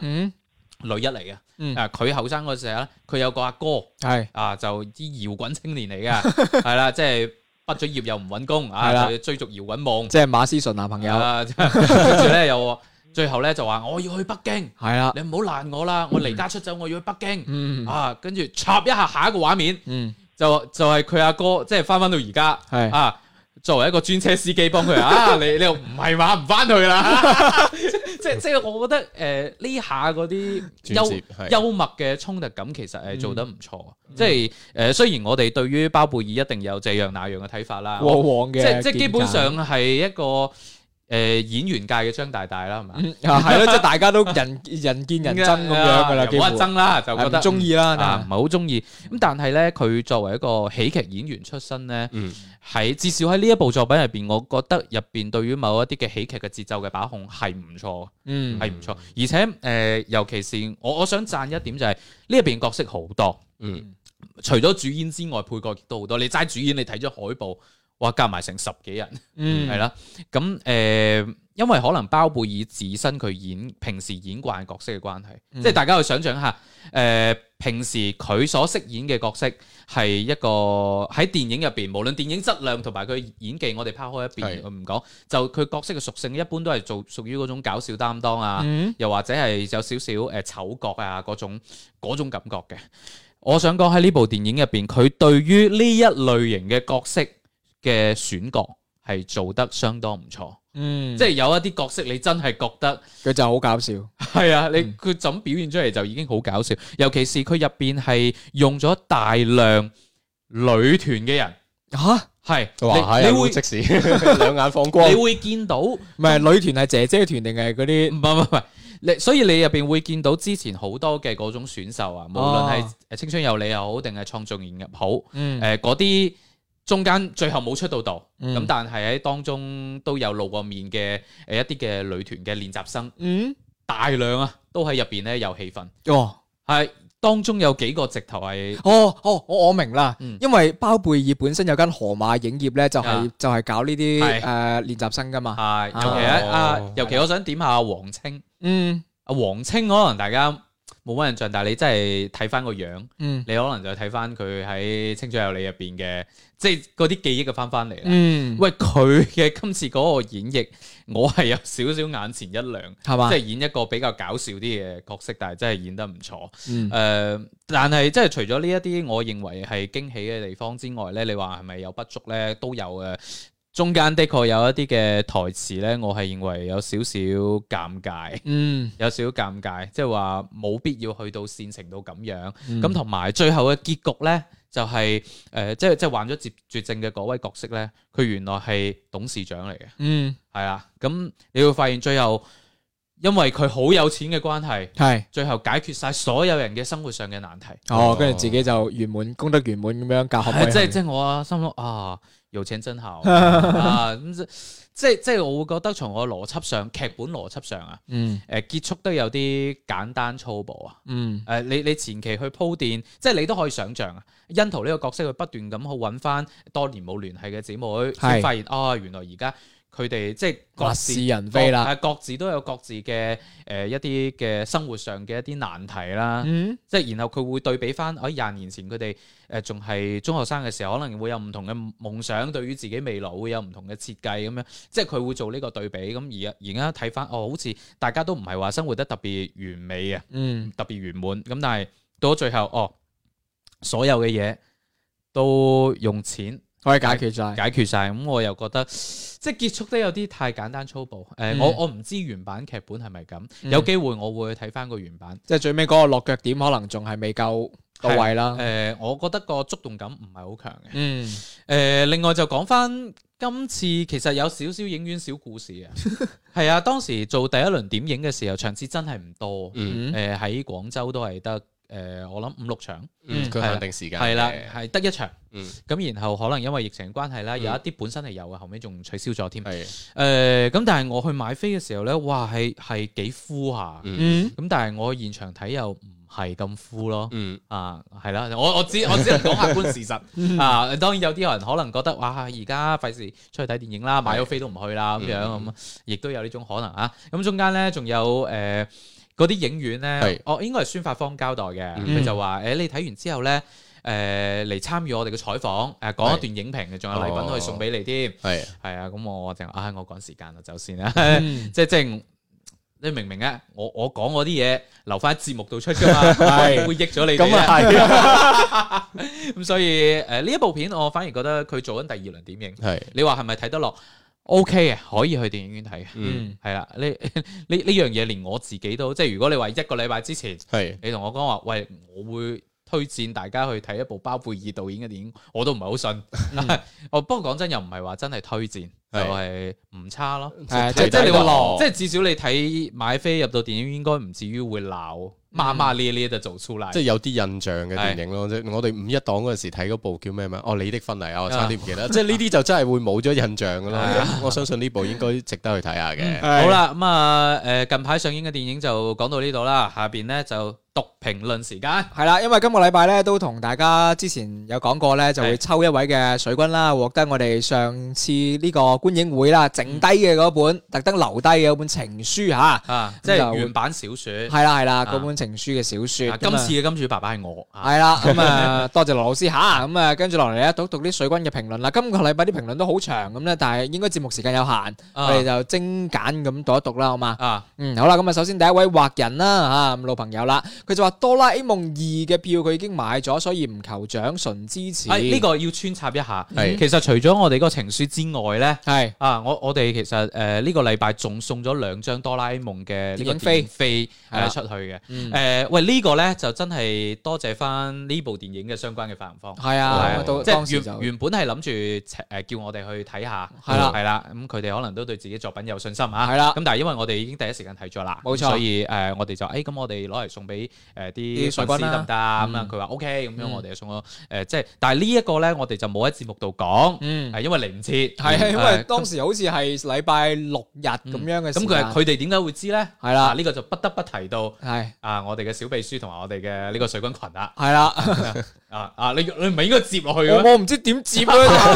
Speaker 1: 女一嚟嘅，啊佢後生嗰時咧，佢有個阿哥，係啊就啲搖滾青年嚟嘅，係啦，即係畢咗業又唔揾工，啊，追逐搖滾夢，即係馬思純男朋友，跟住咧又最後咧就話我要去北京，係啦，你唔好攔我啦，我離家出走，我要去北京，啊，跟住插一下下一個畫面，就就係佢阿哥，即係翻翻到而家，係啊，作為一個專車司機幫佢，啊，你你又唔係話唔翻去啦。即即係我覺得誒呢下嗰啲幽幽默嘅衝突感其實係做得唔錯，即係誒雖然我哋對於包貝爾一定有這樣那樣嘅睇法啦，過往嘅即即基本上係一個誒演員界嘅張大大啦，係嘛係咯，即大家都人人見人憎咁樣噶啦，好憎啦就覺得中意啦，啊唔係好中意咁，但係咧佢作為一個喜劇演員出身咧。喺至少喺呢一部作品入邊，我覺得入邊對於某一啲嘅喜劇嘅節奏嘅把控係唔錯，嗯，係唔錯。而且誒、呃，尤其是我我想讚一點就係呢邊角色好多，嗯，除咗主演之外，配角亦都好多。你齋主演，你睇咗海報。哇！夾埋成十幾人，嗯，係啦，咁、嗯、誒，因為可能包貝爾自身佢演平時演慣角色嘅關係，即係、嗯、大家去想象下，誒、呃，平時佢所飾演嘅角色係一個喺電影入邊，無論電影質量同埋佢演技，我哋拋開一邊，佢唔講，就佢角色嘅屬性，一般都係做屬於嗰種搞笑擔當啊，嗯、又或者係有少少誒醜角啊嗰種、嗰種感覺嘅。我想講喺呢部電影入邊，佢對於呢一類型嘅角色。嘅選角係做得相當唔錯，嗯，即係有一啲角色你真係覺得佢就好搞笑，係啊，嗯、你佢咁表現出嚟就已經好搞笑，尤其是佢入邊係用咗大量女團嘅人，吓、啊、係，你會是即時兩哈哈 眼放光，光， 你會見到，唔係女團係姐姐團定係嗰啲，唔係唔係唔係，你所以你入邊會見到之前好多嘅嗰種選秀啊，無論係青春有你又好，定係創造營又好，嗯，誒嗰啲。中間最後冇出到道，咁但係喺當中都有露過面嘅誒一啲嘅女團嘅練習生，大量啊都喺入邊咧有戲份。哦，係當中有幾個直頭係哦哦，我我明啦，因為包貝爾本身有間河馬影業咧，就係就係搞呢啲誒練習生噶嘛。係，尤其尤其我想點下黃青，嗯，阿黃青可能大家。冇乜印象，但係你真係睇翻個樣，嗯、你可能就睇翻佢喺《青春有你》入邊嘅，即係嗰啲記憶嘅翻翻嚟啦。嗯，喂，佢嘅今次嗰個演繹，我係有少少眼前一亮，係嘛？即係演一個比較搞笑啲嘅角色，但係真係演得唔錯。誒、嗯呃，但係即係除咗呢一啲，我認為係驚喜嘅地方之外呢，你話係咪有不足呢？都有嘅。中間的確有一啲嘅台詞呢，我係認為有少少尷尬，嗯，有少少尷尬，即係話冇必要去到煽情到咁樣。咁同埋最後嘅結局呢，就係、是、誒，即係即係患咗絕絕症嘅嗰位角色呢，佢原來係董事長嚟嘅，嗯，係啊。咁你會發現最後，因為佢好有錢嘅關係，係是最後解決晒所有人嘅生活上嘅難題。哦，跟住自己就圓滿，哦、功德圓滿咁樣，教學的。即係即係我心諗啊！啊有請真校 啊！咁即即即我會覺得從我邏輯上劇本邏輯上啊，誒、嗯、結束都有啲簡單粗暴、嗯、啊！誒你你前期去鋪墊，即係你都可以想象啊，恩圖呢個角色去不斷咁去揾翻多年冇聯繫嘅姐妹，是發現啊、哦、原來而家。佢哋即係各是人非啦，各自都有各自嘅誒一啲嘅生活上嘅一啲難題啦。嗯，即係然後佢會對比翻，喺廿年前佢哋誒仲係中學生嘅時候，可能會有唔同嘅夢想，對於自己未來會有唔同嘅設計咁樣。即係佢會做呢個對比。咁而而家睇翻，哦，好似大家都唔係話生活得特別完美嘅，嗯，特別圓滿。咁但係到咗最後，哦，所有嘅嘢都用錢。可以解決晒，解決晒。咁、嗯、我又覺得，即係結束得有啲太簡單粗暴。誒、呃嗯，我我唔知原版劇本係咪咁，嗯、有機會我會睇翻個原版。嗯、即係最尾嗰個落腳點，可能仲係未夠到位啦。誒、啊呃，我覺得個觸動感唔係好強嘅。嗯。誒、呃，另外就講翻，今次其實有少少影院小故事啊。係 啊，當時做第一輪點映嘅時候，場次真係唔多。誒、嗯，喺廣、呃、州都係得。誒，我諗五六場，佢係定時間嘅，係啦，係得一場。咁然後可能因為疫情關係啦，有一啲本身係有嘅，後尾仲取消咗添。誒，咁但係我去買飛嘅時候咧，哇，係係幾墟冚。咁但係我現場睇又唔係咁墟冚咯。啊，係啦，我我只我只能講客觀事實啊。當然有啲人可能覺得哇，而家費事出去睇電影啦，買咗飛都唔去啦咁樣咁，亦都有呢種可能啊。咁中間咧仲有誒。嗰啲影院咧，哦，應該係宣發方交代嘅，佢、嗯、就話：誒、欸，你睇完之後咧，誒、呃、嚟參與我哋嘅採訪，誒、呃、講一段影評嘅，仲有禮品可以送俾你添。係係、喔、啊，咁我我就啊，我趕時間啦，先走先、啊、啦、嗯。即即你明唔明啊？我我講嗰啲嘢留翻喺節目度出噶嘛，我會益咗你。咁啊係。咁所以誒，呢、呃、一部片我反而覺得佢做緊第二輪點映。係你話係咪睇得落？O K 嘅，okay, 可以去電影院睇嘅，係啦、嗯。呢呢呢樣嘢連我自己都，即係如果你話一個禮拜之前，係是你同我講話，喂，我會推薦大家去睇一部包貝爾導演嘅電影，我都唔係好信。哦、嗯， 不過講真又唔係話真係推薦，是就係唔差咯。啊、即即係你話，即係至少你睇買飛入到電影院應該唔至於會鬧。馬馬咧咧就做出嚟，嗯、即係有啲
Speaker 3: 印象嘅電影咯。的即係我哋五一檔嗰陣時睇嗰部叫咩名？的哦，你的婚禮啊，我差啲唔記得。 即係呢啲就真係會冇咗印象噶啦、 嗯。我相信呢部應該值得去睇下嘅。的好啦，
Speaker 1: 咁啊，誒，近排上映嘅電影就講到呢度啦。下邊咧就。讀評論時間係啦，因為今個禮拜咧都同大家之前有講過咧，就會抽一位嘅水軍啦，獲得我哋上次呢個觀影會啦，剩低嘅嗰本特登留低嘅嗰本情書吓，啊嗯、即係原版小說係啦係啦，嗰、啊、本情書嘅小說。啊、今次嘅金主爸爸係我係啦，咁啊多謝羅老師吓，咁啊跟住落嚟，咧讀讀啲水軍嘅評論啦。今個禮拜啲評論都好長咁咧，但係應該節目時間有限，啊、我哋就精簡咁讀一讀啦，好嘛？啊、嗯，好啦，咁啊首先第一位畫人啦吓，咁老朋友啦。佢就話《哆啦 A 夢二》嘅票佢已經買咗，所以唔求獎，純支持。係呢個要穿插一下。係其實除咗我哋個情書之外咧，係啊，我我哋其實誒呢個禮拜仲送咗兩張哆啦 A 夢嘅電影飛飛誒出去嘅。誒喂呢個咧就真係多謝翻呢部電影嘅相關嘅發行方。係啊，即係原原本係諗住誒叫我哋去睇下，係啦係啦。咁佢哋可能都對自己作品有信心啊。係啦。咁但係因為我哋已經第一時間睇咗啦，冇錯。所以誒，我哋就誒咁，我哋攞嚟送俾。誒，啲水軍啦，咁啊，佢話 OK，咁樣我哋就送咗。誒，即係，但係呢一個咧，我哋就冇喺節目度講，係因為嚟唔切，係因為當時好似係禮拜六日咁樣嘅。咁佢係佢哋點解會知咧？係啦，呢個就不得不提到係啊，我哋嘅小秘書同埋我哋嘅呢個水軍群啦。
Speaker 4: 係啦，啊啊，你你唔係應該接落去嘅？我唔知點接啊，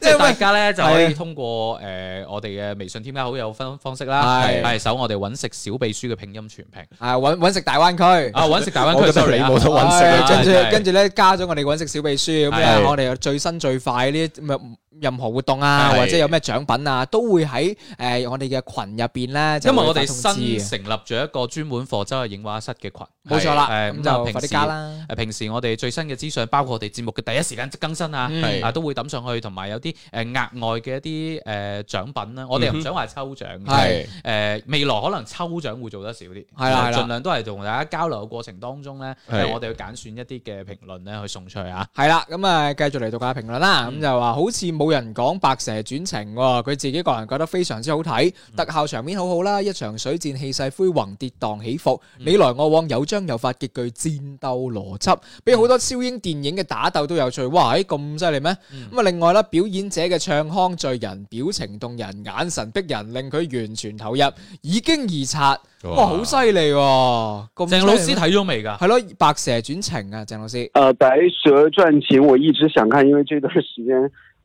Speaker 4: 即係而家咧就可以
Speaker 1: 通過誒，我哋嘅微信添加好友分方式啦，係搜我哋搵食小秘書嘅拼音全拼，係搵搵食大灣區。啊！揾食大灣區就你冇得揾食， 啊、跟住跟住咧，加咗我哋揾食小秘書，咁咧的我哋有最新最快呢啲咁任何活動啊，或者有咩獎品啊，都會喺誒我哋嘅群入邊咧。因為我哋新成立咗一個專門嘅周日嘅映畫室嘅群。冇錯啦。咁就快啲加啦。誒平時我哋最新嘅資訊，包括我哋節目嘅第一時間更新啊，啊都會抌上去，同埋有啲誒額外嘅一啲誒獎品啦。我哋又唔想話抽獎，係誒未來可能抽獎會做得少啲，係啦，儘量都係同大家交流嘅過程當中咧，我哋要揀選一啲嘅評論咧去送出去啊。係啦，咁啊繼續嚟讀下評論啦。咁就話好似冇。冇人講白蛇傳情，哦，佢自己個人覺得非常之好睇，嗯、特效場面好好啦，一場水戰氣勢恢宏，跌宕起伏，你、嗯、來我往，有章有法，極具戰鬥邏輯，比好多超英電影嘅打鬥都有趣。哇，咁犀利咩？咁啊，嗯、另外啦，表演者嘅唱腔醉人，表情動人，眼神逼人，令佢完全投入，一驚一乍，哇，好犀利！鄭哇、啊、老師睇咗未？噶係咯，白蛇傳情啊，鄭老師。誒、
Speaker 2: 呃，白蛇傳情，我一直想看，因為這段時間。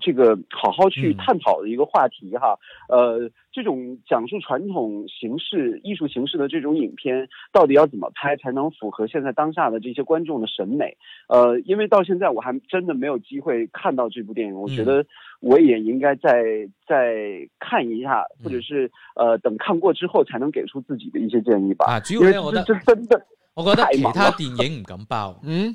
Speaker 2: 這個好好去探討的一個話題哈，嗯、呃，這種講述傳統形式藝術形式的這種影片，到底要怎麼拍才能符合現在當下的這些觀眾的審美？呃，因為到現在我還真的沒有機會看到這部電影，我覺得我也應該再再看一下，或者是，呃，等看過之後才能給出自己的一些建議吧。啊，只有這覺得真的，太忙了，
Speaker 1: 我覺得其他電影唔敢爆。嗯。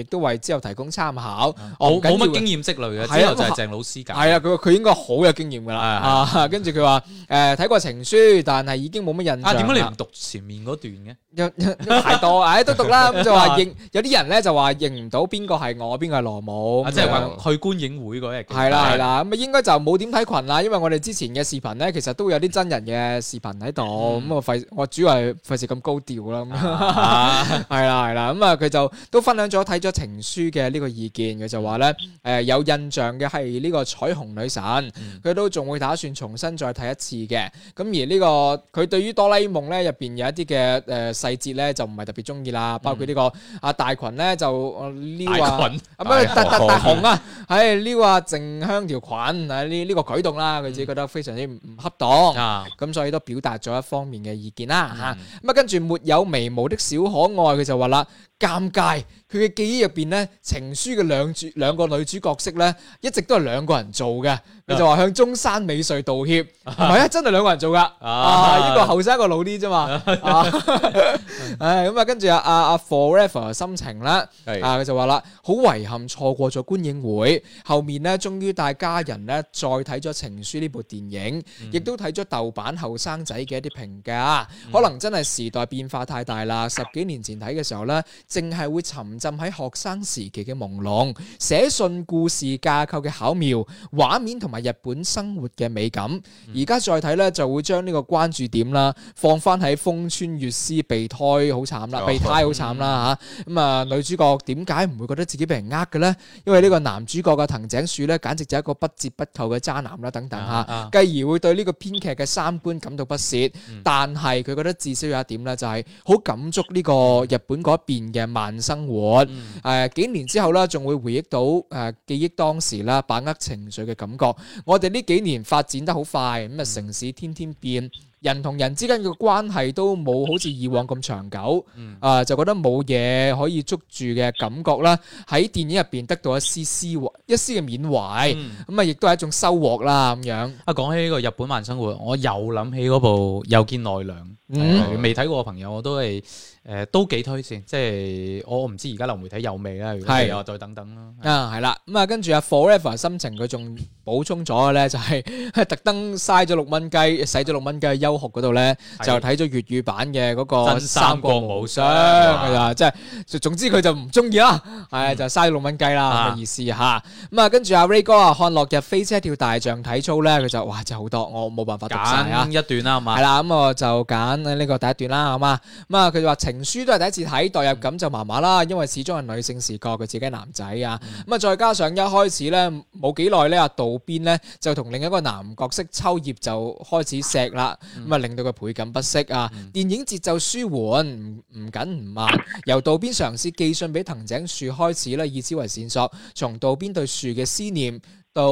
Speaker 1: 亦都為之後提供參考，我冇乜經驗積累嘅，之後就係鄭老師解。係啊，佢佢應該好有經驗㗎啦。跟住佢話誒睇過情書，但係已經冇乜印象。啊，點解你唔讀前面嗰段嘅？有太多，誒都讀啦。咁就話認有啲人咧就話認唔到邊個係我，邊個係羅姆。即係去觀影會嗰日。係啦係啦，咁啊應該就冇點睇群啦，因為我哋之前嘅視頻咧，其實都會有啲真人嘅視頻喺度。咁啊費我主要係費事咁高調啦。係啦係啦，咁啊佢就都分享咗睇咗。情書嘅呢個意見，佢就話咧，誒、呃、有印象嘅，係呢個彩虹女神，佢、嗯、都仲會打算重新再睇一次嘅。咁而、這個、呢個佢對於哆啦 A 夢咧入邊有一啲嘅，誒細節咧，就唔係特別中意啦。包括呢、這個阿大群咧，就撩、呃、群啊，乜大大大、大、大、大、大雄啊，係撩阿靜香條裙啊，呢呢、呃啊這個這個舉動啦、啊，佢自己覺得非常之唔恰當，咁、嗯啊、所以都表達咗一方面嘅意見啦。吓咁啊，嗯嗯、跟住沒有眉毛的小可愛，佢就話啦，尷尬。佢嘅記憶入邊咧，情書嘅兩主兩個女主角色咧，一直都係兩個人做嘅。佢就話向中山美穗道歉，唔係啊，真係兩個人做噶，呢、啊啊、個後生一個老啲啫嘛。唉，咁啊，跟住啊啊啊 forever 心情啦，是啊佢就話啦，好遺憾錯過咗觀影會，後面咧終於帶家人咧再睇咗情書呢部電影，亦、嗯、都睇咗豆瓣後生仔嘅一啲評價，可能真係時代變化太大啦，十幾年前睇嘅時候咧，淨係會沉浸喺學生時期嘅朦朧，寫信故事架構嘅巧妙，畫面同埋日本生活嘅美感。而家再睇咧，就會將呢個關注點啦，放翻喺豐川悅司備胎好慘啦，備胎好慘啦吓。咁啊，女主角點解唔會覺得自己被人呃嘅咧？因為呢個男主角嘅藤井樹咧，簡直就一個不折不扣嘅渣男啦。等等吓，繼而會對呢個編劇嘅三觀感到不屑。但係佢覺得至少有一點咧，就係好感觸呢個日本嗰邊嘅慢生活。嗯，誒、啊、幾年之後啦，仲會回憶到誒、啊、記憶當時啦，把握情緒嘅感覺。我哋呢幾年發展得好快，咁啊、嗯、城市天天變。人同人之間嘅關係都冇好似以往咁長久，啊就覺得冇嘢可以捉住嘅感覺啦。喺電影入邊得到一絲絲、一絲嘅緬懷，咁啊亦都係一種收穫啦。咁樣啊，講起呢個日本慢生活，我又諗起嗰部《又見奈良》。嗯，未睇過嘅朋友我都係誒都幾推薦。即係我唔知而家流媒體有未咧？係啊，再等等啦。啊，係啦。咁啊，跟住阿 Forever 心情佢仲補充咗嘅咧，就係特登嘥咗六蚊雞，使咗六蚊雞休。高學嗰度咧就睇咗粵語版嘅嗰個《三國無雙》啊，即係總之佢就唔中意啦，係就嘥六蚊雞啦嘅意思嚇。咁啊，跟住阿 Ray 哥啊，看落日飛車跳大象體操咧，佢就哇真係好多，我冇辦法揀一段啦，係嘛？係啦，咁我就揀呢個第一段啦，好嘛？咁啊，佢就話情書都係第一次睇，代入感就麻麻啦，因為始終係女性視角，佢自己係男仔啊。咁啊，再加上一開始咧冇幾耐咧，阿道邊咧就同另一個男角色秋葉就開始錫啦。令到佢倍感不適啊！嗯、電影節奏舒緩，唔唔緊唔慢。由渡邊嘗試寄信俾藤井樹開始，以此為線索，從渡邊對樹嘅思念，到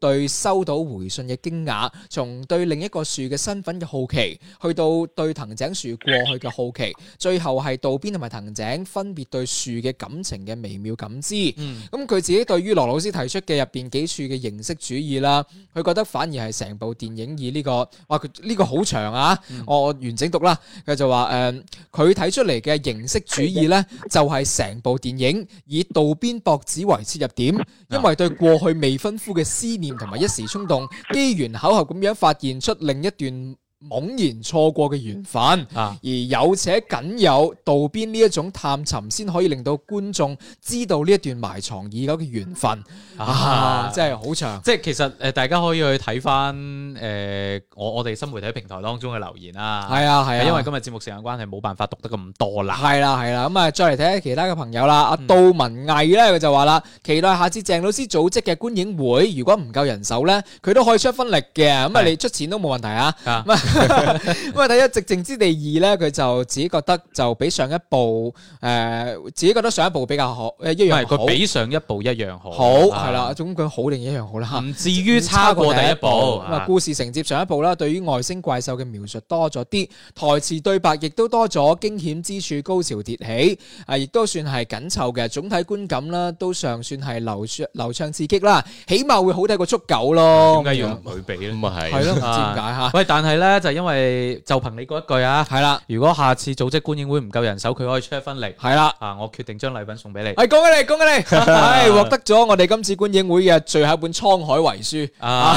Speaker 1: 對收到回信嘅驚訝，從對另一個樹嘅身份嘅好奇，去到對藤井樹過去嘅好奇，最後係渡邊同埋藤井分別對樹嘅感情嘅微妙感知。嗯，咁佢自己對於羅老師提出嘅入邊幾處嘅形式主義啦，佢覺得反而係成部電影以呢、這個，哇，佢、這、呢個好長啊！嗯、我完整讀啦。佢就話：，誒、呃，佢睇出嚟嘅形式主義咧，就係成部電影以渡邊博子為切入點，因為對過去未分。夫嘅思念同埋一時衝動，機緣巧合咁樣發現出另一段。懵然錯過嘅緣分，啊、而有且僅有道邊呢一種探尋，先可以令到觀眾知道呢一段埋藏已久嘅緣分啊！嗯、即係好長，即係其實誒，大家可以去睇翻誒，我我哋新媒體平台當中嘅留言啊。係啊係啊，因為今日節目時間關係，冇辦法讀得咁多啦。係啦係啦，咁啊，再嚟睇下其他嘅朋友啦。阿、嗯啊、杜文毅咧，佢就話啦，期待下次鄭老師組織嘅觀影會，如果唔夠人手咧，佢都可以出一分力嘅。咁啊，你出錢都冇問題啊。 咁啊，睇《寂靜之地二》咧，佢就自己覺得就比上一部誒、呃，自己覺得上一部比較好誒，一樣係佢比上一部一樣好，好係啦。咁佢、啊、好定一樣好啦，唔至於差過第一部。啊、嗯，故事承接上一部啦，對於外星怪獸嘅描述多咗啲，台詞對白亦都多咗，驚險之處，高潮迭起啊，亦都算係緊湊嘅。總體觀感啦、啊，都尚算係流流暢刺激啦、啊，起碼會好睇過速九咯。點解要佢比咧？咁啊係，係咯、就是，唔知點解吓。喂 呢， 但係咧。就因為就憑你嗰一句啊，係啦。如果下次組織觀影會唔夠人手，佢可以出一分力。係啦，啊，我決定將禮品送俾你。係，恭喜你，恭喜你。係，獲得咗我哋今次觀影會嘅最後一本《滄海遺書》啊。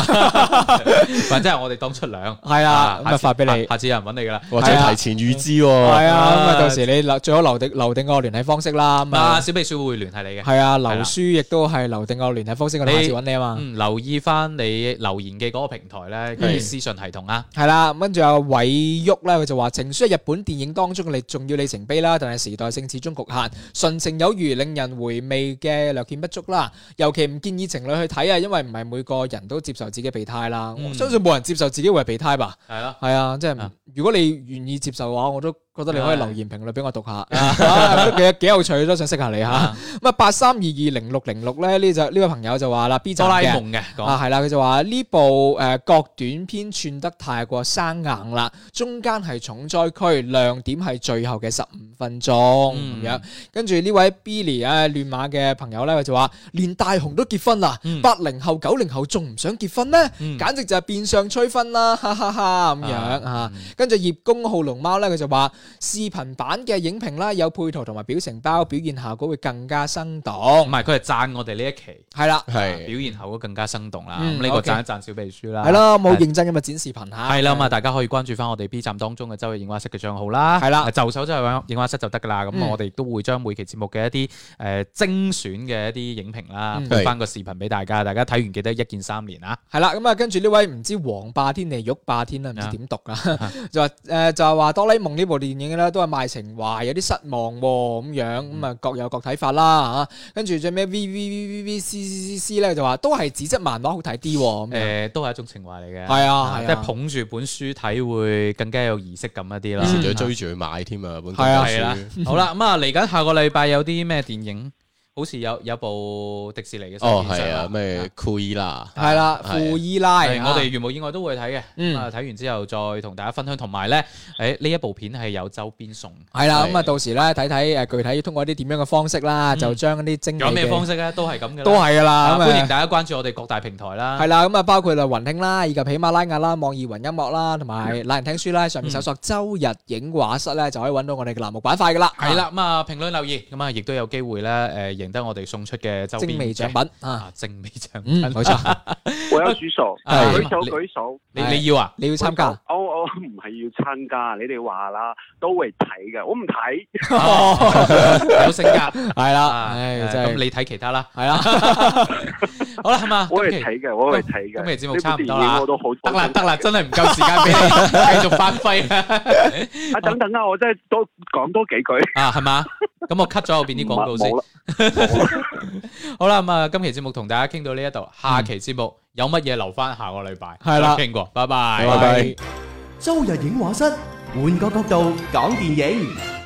Speaker 1: 反正係我哋當出糧。係啦，咁啊發俾你，下次有人揾你噶啦，或者提前預支。係啊，咁啊到時你留最好留定留定個聯繫方式啦。啊，小秘書會聯繫你嘅。係啊，留書亦都係留定個聯繫方式，我哋下次揾你啊嘛。留意翻你留言嘅嗰個平台咧，佢啲私信系統啊。係啦。咁跟住阿偉郁咧，佢就話情書係日本電影當中嘅歷重要里程碑啦，但係時代性始終局限，純情有餘，令人回味嘅略見不足啦。尤其唔建議情侶去睇啊，因為唔係每個人都接受自己備胎啦。嗯、我相信冇人接受自己會係備胎吧。係啊的，係啊，即係的如果你願意接受嘅話，我都。覺得你可以留言評論俾我讀下，其實幾有趣，都想識下你吓。咁啊，八三二二零六零六咧呢就呢位朋友就話啦，哆啦 A 夢嘅啊係啦，佢就話呢部誒、呃、各短篇串得太過生硬啦，中間係重災區，亮點係最後嘅十五分鐘咁樣。嗯嗯、跟住呢位 Billy 啊、呃、亂馬嘅朋友咧，佢就話連大雄都結婚啦，八零、嗯、後九零後仲唔想結婚咧，嗯、簡直就係變相催婚啦，哈哈哈咁樣吓、嗯嗯。跟住葉公號龍貓咧，佢就話，視頻版嘅影評啦，有配圖同埋表情包，表現效果會更加生動。唔係，佢係讚我哋呢一期，係啦，係表現效果更加生動啦。呢個讚一讚小秘書啦。係咯，我冇認真咁嘅剪視頻嚇。係啦，咁啊大家可以關注翻我哋 B 站當中嘅周日映畫室嘅帳號啦。係啦，就手就係映畫室就得噶啦。咁我哋都會將每期節目嘅一啲誒精選嘅一啲影評啦，配翻個視頻俾大家。大家睇完記得一鍵三連啊。係啦，咁啊跟住呢位唔知黃霸天定玉霸天啊？唔知點讀啊？就話誒就係話哆啦 A 夢呢部電。電影咧都係賣情懷，有啲失望咁樣，咁啊、嗯、各有各睇法啦嚇。跟住最尾 V V V V、CC、C C C 咧就話都係紙質漫畫好睇啲，誒、呃、都係一種情懷嚟嘅。係啊，啊，啊，即係捧住本書睇會更加有儀式感一啲啦。以前仲追住去買添啊本書。係啊，係啊。好啦，咁啊嚟緊下個禮拜有啲咩電影？好似有有部迪士尼嘅哦係啊咩庫伊拉係啦庫伊拉，我哋如無意外都會睇嘅。嗯，睇完之後再同大家分享。同埋咧，誒呢一部片係有周邊送係啦。咁啊到時咧睇睇誒具體要通過啲點樣嘅方式啦，就將啲精有咩方式咧都係咁嘅，都係噶啦。歡迎大家關注我哋各大平台啦。係啦，咁啊包括啦雲聽啦，以及喜馬拉雅啦、網易雲音樂啦，同埋懶人聽書啦，上面搜索周日影畫室咧，就可以揾到我哋嘅欄目板塊噶啦。係啦，咁啊評論留言，咁啊亦都有機會咧誒。贏得我哋送出嘅精美獎品啊！精美獎品，冇錯，我
Speaker 2: 有舉手，舉手舉手。你你要啊？你要參加？我我唔係要參加。你哋話啦，都會睇嘅。我唔睇，有性格
Speaker 1: 係啦。咁你睇其他啦，係啊。
Speaker 2: 好啦，係嘛，我會睇嘅，
Speaker 3: 我會睇嘅。今日節目差唔多啦，都好得啦，得
Speaker 1: 啦，真係唔夠時間俾你繼續發揮啊！等等啊，我真係多講多幾句啊，係嘛？咁我 cut 咗後邊啲廣告先。 好啦，咁、嗯、啊，今期節目同大家傾到呢一度，下期節目有乜嘢留翻下，下個禮拜係啦，傾的過，拜拜，拜拜，
Speaker 2: 周日映畫室換個角度講電影。